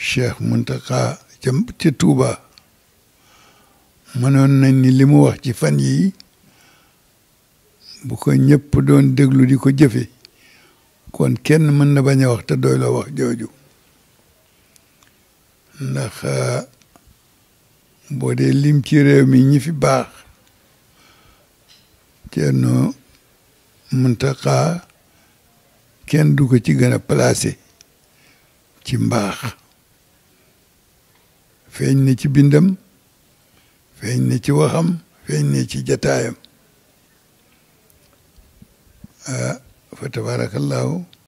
cheikh Muntaxa ca Tuuba mënoon na ni limu mu wax ci fan yi bu ko ñëpp doon déglu di ko jëfe kon kenn mën na bañ a wax te doy loo wax jooju ndax euh, boo dee lim ci réew mi ñi fi baax Ceerno kenn du ci gën a placé ci mbaax feeñ na ci bindam feeñ na ci waxam feeñ na ci jataayam ah fa tabarakallahu